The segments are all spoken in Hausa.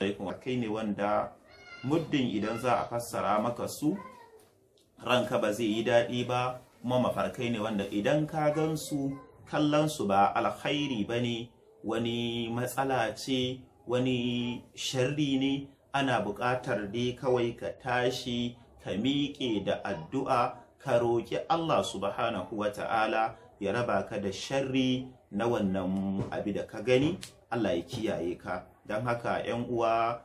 alaikum kai ne wanda muddin idan za a fassara maka su ranka ba zai yi daɗi ba kuma mafarkai ne wanda idan ka gan su kallon su ba alkhairi ba ne wani matsala ce wani sharri ne ana buƙatar dai kawai ka tashi ka miƙe da addu'a ka roƙi Allah subhanahu wa ta'ala ya raba ka da sharri na wannan abi da ka gani Allah ya kiyaye ka don haka 'yan uwa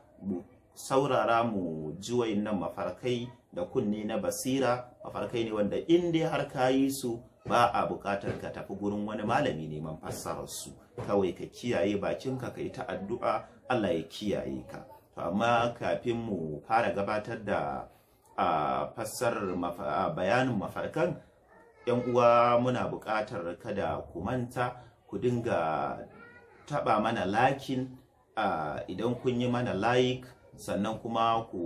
saurara mu ji nan mafarkai da kunne na basira mafarkai ne wanda in dai har ka yi su ba a bukatar ka tafi gurin wani malami neman fassarar su kawai ka kiyaye bakinka ka yi ta addu'a Allah ya kiyaye ka to amma kafin mu fara gabatar da ah, fassarar ah, bayanin mafarkan yan uwa muna buƙatar kada ku manta ku dinga taɓa mana lakin idan kun yi mana like sannan kuma ku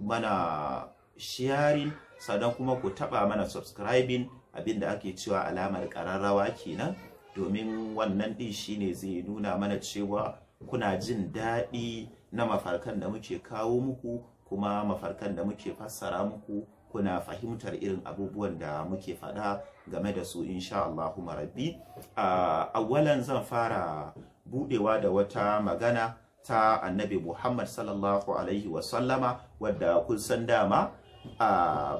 mana sharing sannan kuma ku taɓa mana subscribing abinda ake cewa alamar ƙararrawa kenan domin wannan ɗin shine zai nuna mana cewa kuna jin daɗi na mafarkan da muke kawo muku kuma mafarkan da muke fassara muku kuna fahimtar irin abubuwan da muke faɗa game da su insha Allahu rabbi a awwalan zan fara budewa da wata magana ta annabi Muhammad sallallahu alaihi wasallama wadda kun san dama a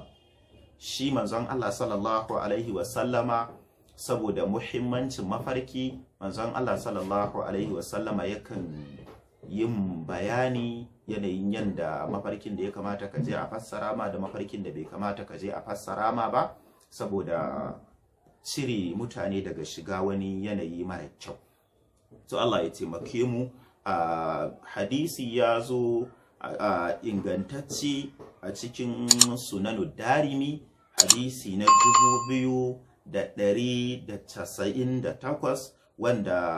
shi manzon Allah sallallahu alaihi wasallama saboda muhimmancin mafarki manzon Allah sallallahu alaihi wasallama yakan yin bayani yanayin yanda mafarkin da ya kamata ka je a fassara ma da mafarkin da bai kamata ka je a fassara ma ba saboda cire mutane daga shiga wani yanayi mara kyau to Allah ya taimake mu a hadisi ya zo a ingantacce a cikin sunanu darimi hadisi na dubu biyu da ɗari da casa'in da takwas wanda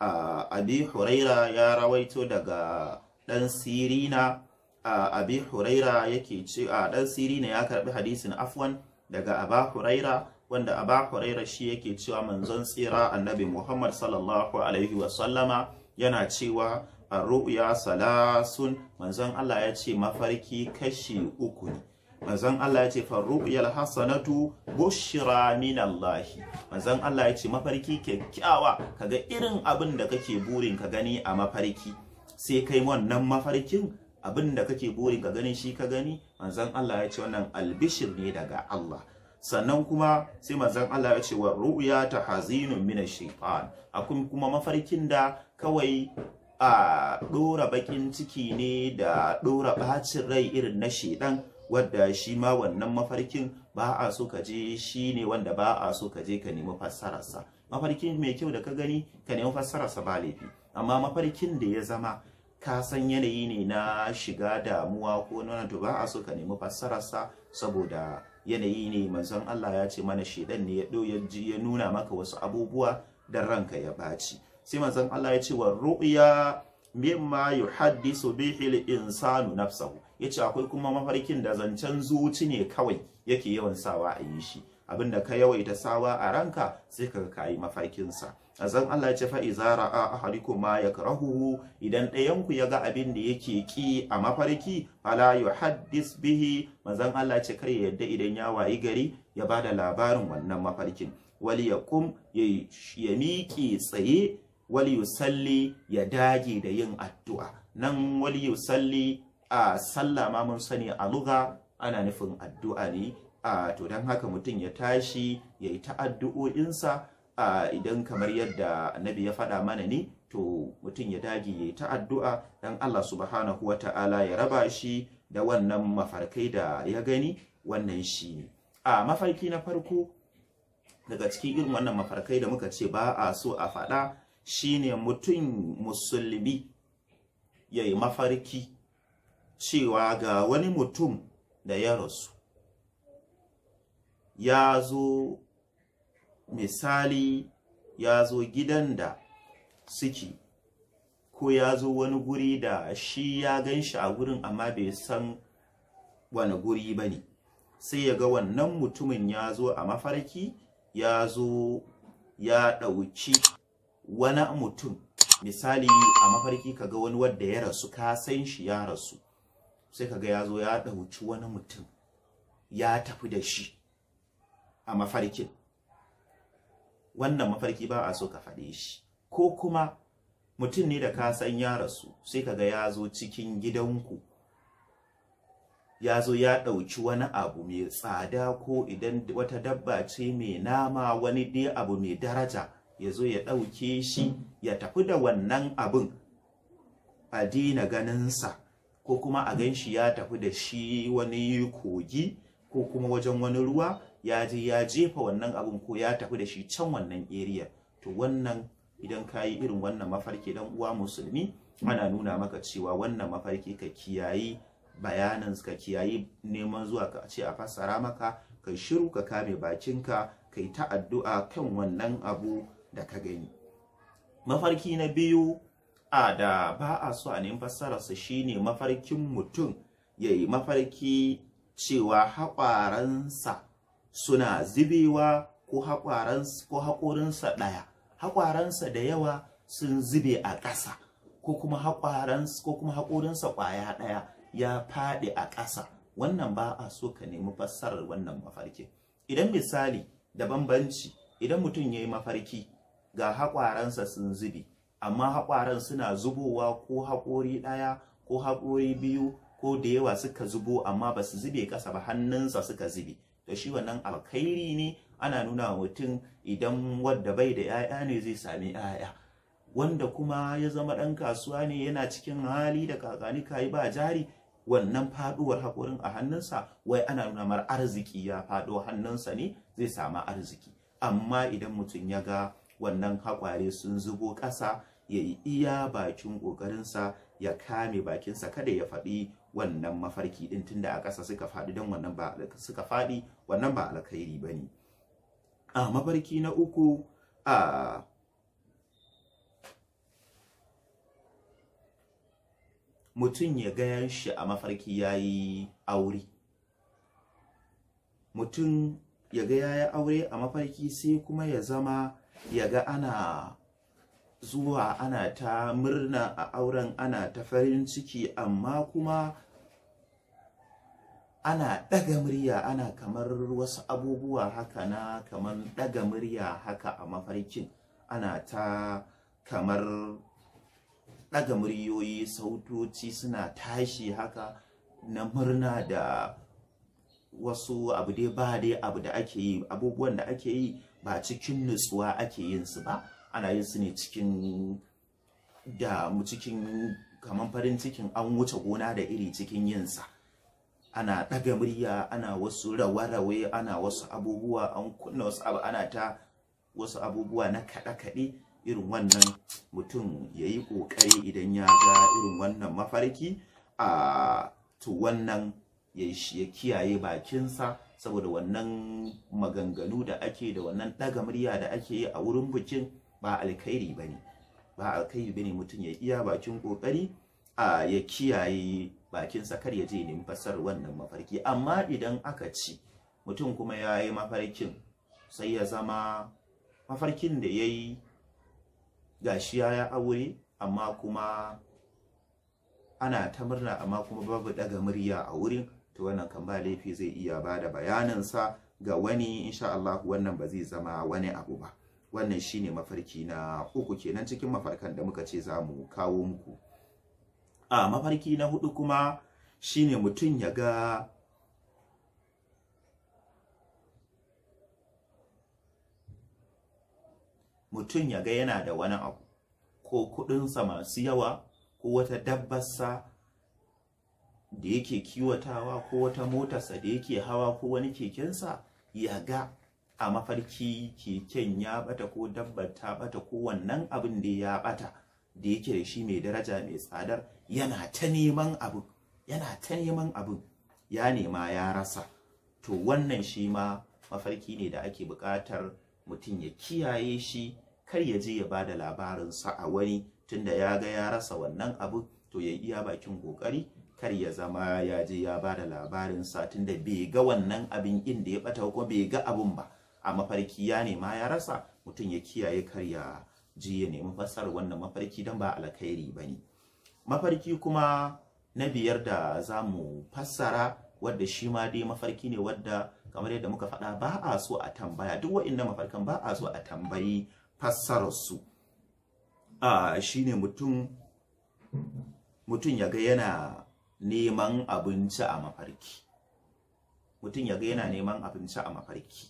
abi huraira ya rawaito daga dan sirina abi huraira yake ce a dan sirina ya karbi hadisin afwan daga aba huraira wanda aba huraira shi yake cewa manzon tsira annabi muhammad sallallahu alaihi wasallama yana cewa a ru'ya salasun manzon allah ya ce mafarki kashi uku ne manzon Allah ya ce farru'yal hasanatu bushra min Allah manzon Allah ya ce mafarki kyakkyawa kaga irin abin da kake burin ka gani a mafarki sai kai wannan mafarkin abin da kake burin ka gani shi ka gani manzon Allah ya ce wannan albishir ne daga Allah sannan kuma sai mazan Allah ya ce wa ru'ya tahzinun min ash-shaytan akwai kuma mafarkin da kawai a ɗora bakin ciki ne da dora bacin rai irin na shedan wadda shi ma wannan mafarkin ba a so ka je shi ne wanda ba a so ka je ka nemi fassararsa mafarkin mai kyau da ka gani ka nemi fassararsa ba laifi amma mafarkin da ya zama ka san yanayi ne na shiga damuwa ko wani to ba a so ka nemi fassararsa saboda yanayi ne manzon Allah ya ce mana shedan ne ya ya nuna maka wasu abubuwa dan ranka ya baci sai manzon Allah ya ce wa ru'ya mimma yuhaddisu bihi insanu nafsahu yace akwai kuma mafarkin da zancen zuci ne kawai yake yawan sawa a yi shi abinda ka yawaita sawa a ranka sai kaga kayi mafarkin sa azan Allah ya ce fa iza ra'a ma yakrahu idan ɗayan ku ga abin da yake ƙi a mafarki fala yuhaddis bihi manzon Allah ya ce kai yadda idan ya wayi gari ya ba da labarin wannan mafarkin ya yaqum ya miƙe tsaye Waliyu yusalli ya dage da yin addu'a nan waliyu yusalli a sallah ma mun sani a lugha ana nufin addu'a ne a to don haka mutum ya tashi ya yi ta'addu'o'insa idan kamar yadda nabi ya faɗa mana ne to mutum ya dage ya yi ta'addu'a don Allah subhanahu wa ta'ala ya raba shi da wannan mafarkai da ya gani wannan shi ne a mafarki na farko daga cikin irin wannan mafarkai da muka ce ba a so a faɗa shine mutum musulmi ya yi mafarki cewa ga wani mutum da ya rasu ya zo misali ya zo gidan da suke ko ya zo wani guri da shi ya gan shi a gurin amma bai san wani guri ba ne sai ya ga wannan mutumin ya zo a mafarki ya zo ya ɗauki wani mutum misali a mafarki kaga wani wanda ya rasu ka san shi ya rasu sai kaga ya zo ya ɗauki wani mutum ya tafi da shi a mafarkin wannan mafarki ba a so ka faɗe shi ko kuma mutum ne da ka san ya rasu sai kaga ya zo cikin gidanku ya zo ya ɗauki wani abu mai tsada ko idan wata dabba ce mai nama wani dai abu mai daraja ya zo ya ɗauke shi ya tafi da wannan abin a dina ganinsa ko kuma a gan shi ya tafi da shi wani kogi ko kuma wajen wani ruwa ya je ya jefa wannan abin ko ya tafi da shi can wannan area to wannan idan ka yi irin wannan mafarki dan uwa musulmi ana nuna maka cewa wannan mafarki ka kiyayi bayanin ka kiyayi neman zuwa ka ce a fassara maka kai shiru ka kame bakinka kai ta addu'a kan wannan abu da ka gani mafarki na biyu a da ba a so a nemi fassararsa shine mafarkin mutum ya yi mafarki cewa haƙwaransa suna zubewa ko haƙorinsa ɗaya haƙwaransa da yawa sun zube a ƙasa ko kuma haƙorinsa ƙwaya ɗaya ya faɗi a ƙasa wannan ba a so ka nemi fassarar wannan mafarkin. idan misali da bambanci idan mutum ya yi mafarki ga haƙwaransa sun zube, amma haƙwaran suna zubowa ko haƙori ɗaya ko haƙori biyu ko da yawa suka zubo amma ba su zube ƙasa ba hannunsa suka zube to shi wannan alkhairi ne ana nuna wa mutum idan wadda bai da 'ya'ya ne zai sami 'ya'ya wanda kuma ya zama ɗan kasuwa ne yana cikin hali da kakani kayi ba jari wannan faduwar haƙorin a hannunsa wai ana nuna mar arziki ya faɗo hannunsa ne zai sami arziki amma idan mutum ya ga wannan hakware sun zubo ƙasa ya yi iya bakin ƙoƙarinsa ya kame bakinsa kada ya faɗi wannan mafarki ɗin tunda a ƙasa suka faɗi don wannan ba suka faɗi wannan ba alkhairi ba ne a mafarki na uku a mutum ya gayan shi a mafarki ya yi aure mutum ya ga ya aure a mafarki sai kuma ya zama ya ga ana zuwa ana ta murna a auren ana ta farin ciki amma kuma ana ɗaga murya ana kamar wasu abubuwa haka na kamar ɗaga murya haka a mafarkin ana ta kamar ɗaga muryoyi sautoci suna tashi haka na murna da wasu abu dai ba dai abu da ake yi abubuwan da ake yi ba cikin nutsuwa ake yin su ba ana yin su ne cikin da mu cikin kamar farin cikin an wuce gona da iri cikin yin sa ana ɗaga murya ana wasu rawa ana wasu abubuwa an kunna wasu abu ana ta wasu abubuwa na kaɗe-kaɗe irin wannan mutum ya yi ƙoƙari idan ya ga irin wannan mafarki a ah, to wannan ya kiyaye bakinsa saboda wannan maganganu da ake da wannan ɗaga murya da ake yi a wurin bikin ba alkhairi ba ne ba alkhairi ba ne mutum ya iya bakin ƙoƙari a ya kiyaye bakinsa kar ya je nemi wannan mafarki amma idan aka ci mutum kuma ya yi mafarkin sai ya zama mafarkin da ya yi gashi ya aure amma kuma ana ta murna amma kuma babu ɗaga murya a wurin to wannan kan ba laifi zai iya ba da bayaninsa ga wani insha Allah wannan ba zai zama wani abu ba wannan shine mafarki na uku kenan cikin mafarkan da muka ce za mu kawo muku a mafarki na hudu kuma shine mutum ya ga mutum ya ga yana da wani abu ko kudinsa masu yawa ko wata dabbarsa da yake kiwatawa ko wata motarsa da yake hawa ko wani kekensa ya ga a mafarki keken ya bata ko dabbar ta bata ko wannan abin da ya bata da yake da shi mai daraja mai tsadar yana ta neman abin yana ta neman abin ya nema ya rasa to wannan shi ma mafarki ne da ake buƙatar mutum ya kiyaye shi kar ya je ya ba da labarinsa a wani tunda ya ga ya rasa wannan abu to ya iya bakin ƙoƙari kar ya zama ya je ya ba da labarin satin da bai ga wannan abin inda ya bata ko bai ga abun ba a mafarki ya nema ya rasa mutum ya kiyaye kar ya ji ya nemi fassarar wannan mafarki don ba alkhairi ba ne mafarki kuma na biyar da za mu fassara wadda shi ma dai mafarki ne wadda kamar yadda muka faɗa ba a so a tambaya duk wa'in mafarkan ba a so a tambayi fassararsu a shi mutum mutum ya ga yana neman abinci a mafarki mutum ya ga yana neman abinci a mafarki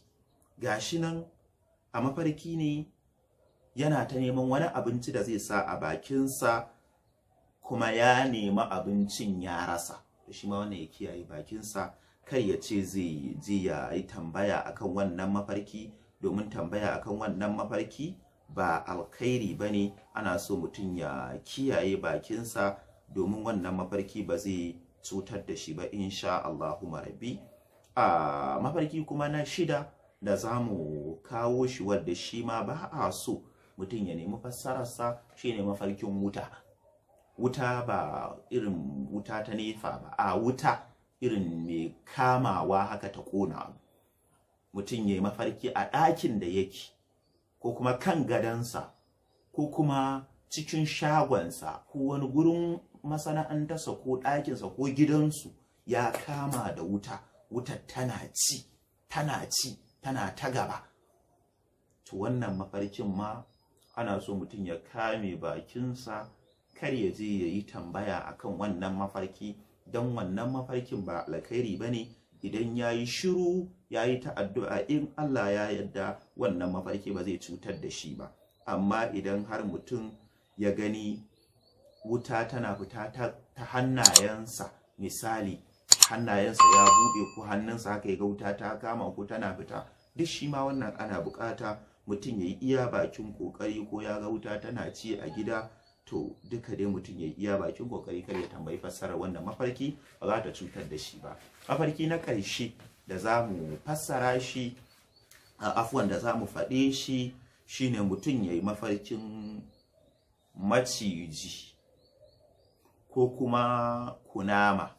gashi nan a mafarki ne yana ta neman wani abinci da zai sa a bakinsa kuma ya nema abincin ya rasa shi ma wannan ya kiyaye bakinsa kar ya ce zai je ya yi tambaya akan wannan mafarki domin tambaya akan wannan mafarki ba alkhairi ba ne ana so mutum ya kiyaye bakinsa domin wannan mafarki ba zai cutar da shi ba insha Allahu rabbi a mafarki kuma na shida da za mu kawo shi wadda shi ma ba a so mutum ya nemi fassararsa shi ne mafarkin wuta wuta ba irin wuta ta nefa ba a wuta irin mai kamawa haka ta kona mutum ya yi mafarki a ɗakin da yake ko kuma kan gadansa ko kuma cikin shagonsa ko wani gurin masana'antarsa ko ɗakinsa ko gidansu ya kama da wuta wutar tana ci tana ci tana ta gaba to wannan mafarkin ma ana so mutum ya kame bakinsa kar ya je ya yi tambaya akan wannan mafarki don wannan mafarkin ba alkhairi ba ne idan ya yi shiru ya yi ta addu'a in Allah ya yadda wannan mafarki ba zai cutar da shi ba amma idan har mutum ya gani wuta tana fita ta hannayensa misali hannayensa ya buɗe ko hannunsa haka ya ga wuta ta kama ko tana fita duk shi ma wannan ana bukata mutum ya yi iya bakin kokari ko ya ga wuta tana ci a gida to duka dai mutum ya yi iya bakin kokari kar ya tambayi fassara wannan mafarki ba za ta cutar da shi ba mafarki na ƙarshe da za mu fassara shi afuwan da za mu faɗe shi shine mutum ya yi mafarkin maciji ko kuma kunama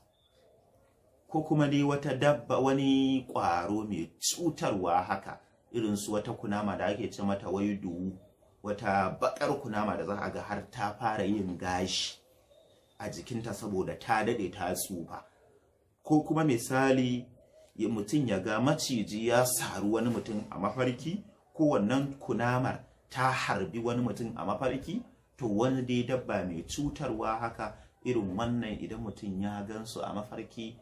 ko kuma dai wata dabba wani ƙwaro mai cutarwa haka irin su wata kunama da ake ce mata waiduwu wata bakar kunama da za a ga har ta fara yin gashi a jikinta saboda ta dade ta tsufa ko kuma misali mutum ya ga maciji ya saru wani mutum a mafarki ko wannan kunamar ta harbi wani mutum a mafarki to wani dai dabba mai cutarwa haka irin wannan idan mutum ya gan su a mafarki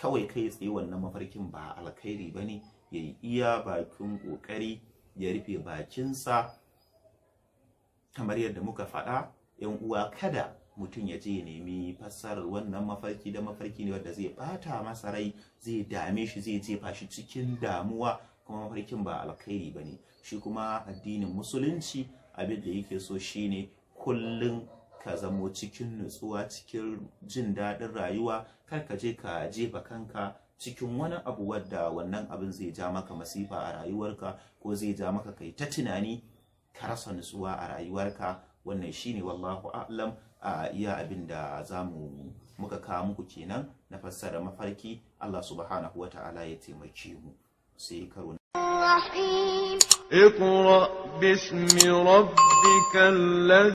kawai kai tsaye wannan mafarkin ba alkhairi ba ne ya yi iya bakin ƙoƙari ya rufe bakinsa kamar yadda muka faɗa yan uwa kada mutum ya je nemi fassarar wannan mafarki da mafarki ne wanda zai bata masa rai zai dame shi zai jefa shi cikin damuwa kuma mafarkin ba alkhairi ba ne shi kuma addinin musulunci abin da yake so shine kullum ka zamo cikin nutsuwa cikin jin daɗin rayuwa kar ka je ka jefa kanka cikin wani abu wadda wannan abin zai ja maka masifa a rayuwarka ko zai ja maka kai ta tunani ka rasa nutsuwa a rayuwarka wannan shine wallahu a'lam a iya abin da za mu muka kawo muku kenan na fassara mafarki Allah subhanahu wa ta'ala ya taimake mu sai karo اقرأ باسم ربك الذي